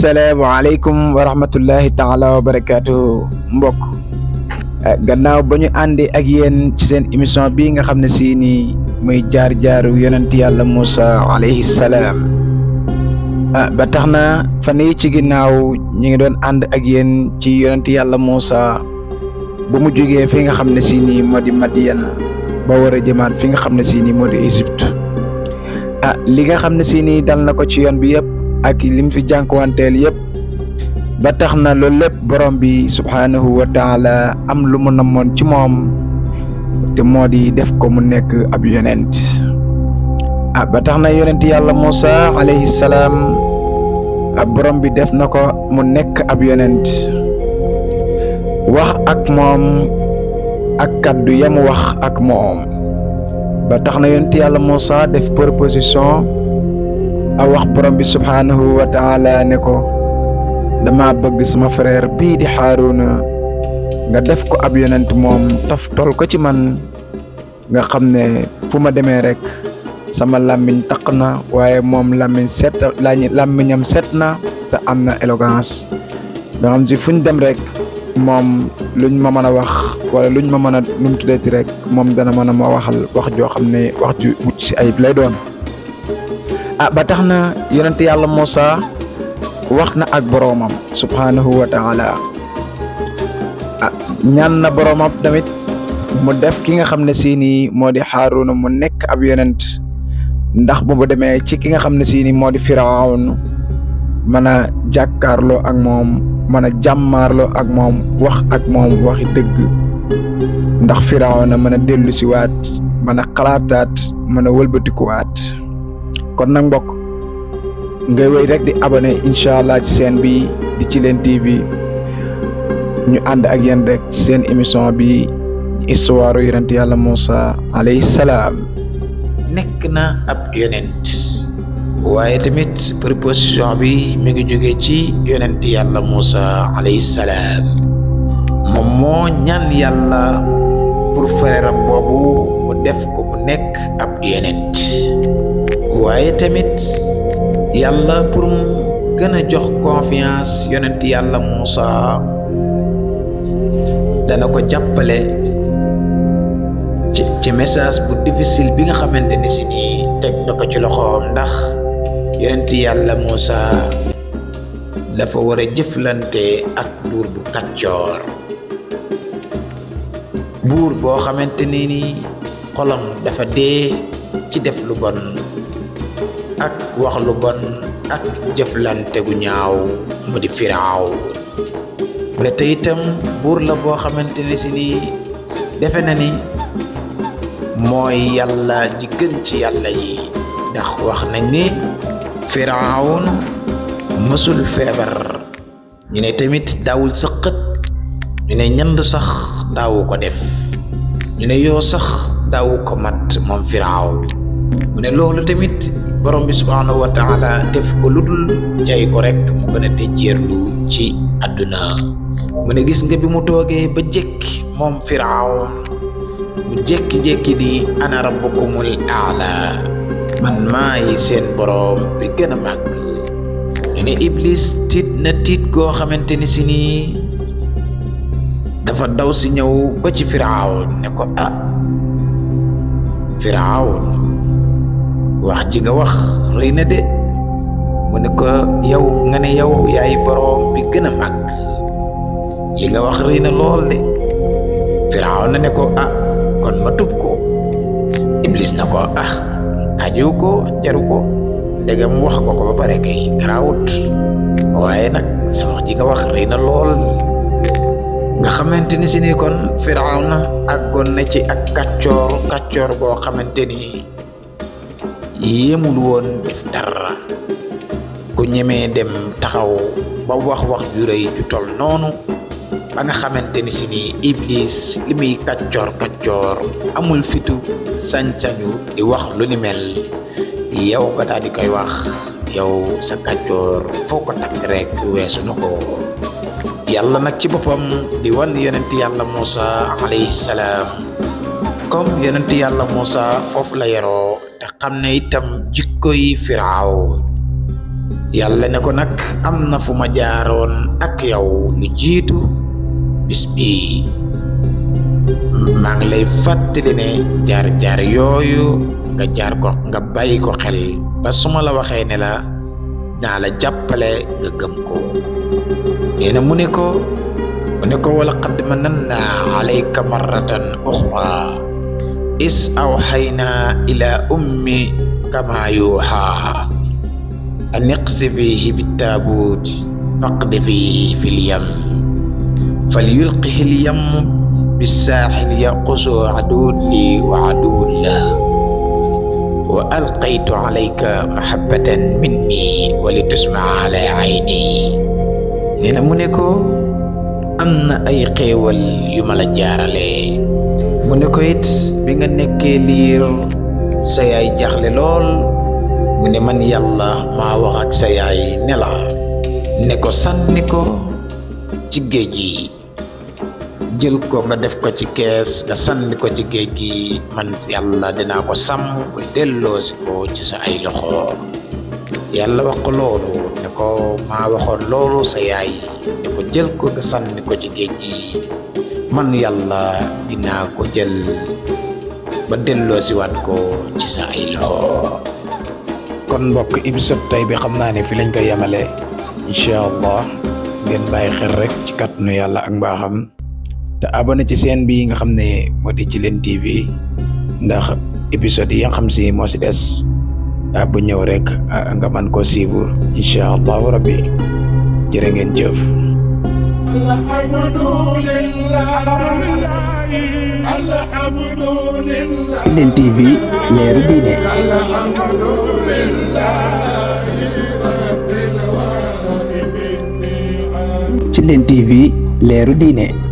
salaam asalaamaaleykum wa rahmatullahi taala wa barakaatu mbokk eh, gannaaw ba ñu àndi ak yéen ci seen émission bii nga xam ne sii nii muy jaar-jaaru yonent yàlla Moussa alayhi eh, ba tax na fan ci ginnaaw ñu ngi doon ànd ak yéen ci yonent yàlla Moussa ba mu jógee fi nga xam ne sii nii moo di Madiyan ba war a jëmaat fi nga xam ne sii nii moo di Égypte eh, li nga xam ne sii nii dal na ko ci yoon bi yëpp. ak lim fi jànq wanteel yépp ba tax na lool lépp borom bi subhaanahu wa taala am lu mu namoon ci moom te moo di def ko mu nekk ab yonent ah ba tax yàlla Moussa alayhi salaam ab ah, borom bi def na ko mu nekk ab yonent wax ak moom ak kàddu yamu wax ak moom ba tax na yonent yàlla Moussa def proposition a wax borom bi subhaanahu wa taala ne ko dama bëgg sama frère bii di Haaruna nga def ko ab yonent moom tool ko ci man nga xam ne fu ma demee rek sama làmmiñ taq na waaye moom làmmiñ set làmmiñam seet na te am na élégance nga xam si fu dem rek moom luñ ma mën a wax wala luñ ma mën a num tuddee ti rek moom dana mën a ma waxal wax joo xam ne wax ju mucc si ayit lay doon ah ba tax na yonent yàlla Moussa wax na ak boroomam subhaanahu wa taala ah ñaan na boroomam tamit mu def ki nga xam ne sii nii moo di Haaruna mu nekk ab yonent ndax bu mu demee ci ki nga xam ne sii nii moo di Firawna mën a jàkkaarloo ak moom mën a jàmmaarloo ak moom wax ak moom waxi dëgg ndax Firawna mën a dellusiwaat mën a xalaataat mën a wëlbatikuwaat kon nag mbokk ngay wéy rek di abonné incha allah ci seen bi di ci leen TV ñu ànd ak yéen rekk ci seen émission bi histoire yonent yàlla Moussa alayhi salaam. nekk na ab yonent waaye tamit proposition bi mi ngi jóge ci yonent yàlla Moussa alayhi salaam moom moo ñaan yàlla pour frère boobu mu def ko mu nekk ab yonent waaye tamit yàlla pour mu gën a jox confiance yonent yàlla Muusa dana ko jàppale ci ci message bu difficile bi nga xamante ni si nii teg na ko ci loxoom ndax yonent yàlla Muusa dafa war a jëflante ak buur bu kàccoor buur boo xamante ni ni xolam dafa dee ci def lu bon ak wax lu bon ak jëflante gu ñaaw mu di firaaw mu ne te buur la boo xamante ne si nii defe na ni mooy yàlla ji ci yàlla yi ndax wax nañ ni firawn mësul feebar ñu ne tamit daawul sëqët ñu ne ñand sax daawu ko def ñu ne yoo sax daawu ko mat moom firaaw mu ne loolu tamit borom bi subhaanahu wa taala def ko lu dul jay ko rek mu gën a tëjjeerlu ci àdduna mu ne gis nga bi mu toogee ba jékki moom firaawn mu jékki-jékki di ana rabbukumul aala man maay seen borom bi gën a màgg ñu ne iblis tiit na tiit goo xamante ni si nii dafa daw si ñëw ba ci firaawn ne ko ah firaawn wax ji nga wax rëy na de mu ne ko yow nga ne yow yaay boroom bi gën a mag li nga wax rëy na lool de Firawna ne ko ah kon ma tub ko Iblis na ko ah aju ko jaru ko ndegam wax nga ko ba pare kay raawut waaye nag sa wax ji nga wax rëy na lool nga xamante ni si ni kon Firawna àggoon na ci ak kàccoor kàccoor boo xamante ni yéemul woon def dara ku ñemee dem taxaw ba wax wax ju rëy tol noonu ba nga xamante ni si ni iblis li muy kaccoor kaccoor amul fitu sañ-sañu di wax lu ni mel yow nga daal di koy wax yow sa kaccoor foo ko takk rek weesu na ko yàlla nag ci boppam di wan yonent yàlla Moussa alayhi salaam comme yonent yàlla Moussa foofu la yaroo te xam ne itam jikko yi firaaw yàlla ne ko nag am na fu ma jaaroon ak yow lu jiitu bisbi bi maa ngi lay fàttali ne jaar-jaar yooyu nga jaar nga bàyyi ko xel ba suma la waxee ne la naa la jàppale nga gëm ko nee mu ne ko mu ne ko wala qad manannaa alayka marratan uxra is awxaynaa ila ummi kama yuuxaa an iqsifiihi bittaabuut faqdifiihi fi lyam falyulqihi lyammu bissaaxil yaqusu aduun lii wa aduun la wa alqaytu alayka mahabbatan minni wa li tusmaa ala ayni nee na mu ne ko am na ay xéewal yu ma la jaarale mu ne ko it bi nga nekkee liir sa yaay jaaxle lool mu ne man yàlla maa wax ak sa yaay ne la ne ko sànni ko ci géej gi jël ko nga def ko ci kees nga sànni ko ci géej gi man yàlla dinaa ko sàmm delloosi ko ci sa ay loxo yàlla wax ko loolu ne ko maa waxoon loolu sa yaay ne ko jël ko nga sànni ko ci géej gi man yàlla dinaa ko jël ba delloo siwaat ko ci sa ay loxo kon mbokk épisode tey bi xam naa ne fi lañ koy yemale incha allah ngeen bàyyi xel rek ci kàttanu yàlla ak mbaaxam te abonné ci seen bi nga xam ne moo di ci leen TV ndax épisode yi xam si moo si des ah, bu ñëw rek ah, nga man koo suivre incha allahu rabbi jërë ngeen jëf Tilène TV leeru diine Tilène TV leeru diine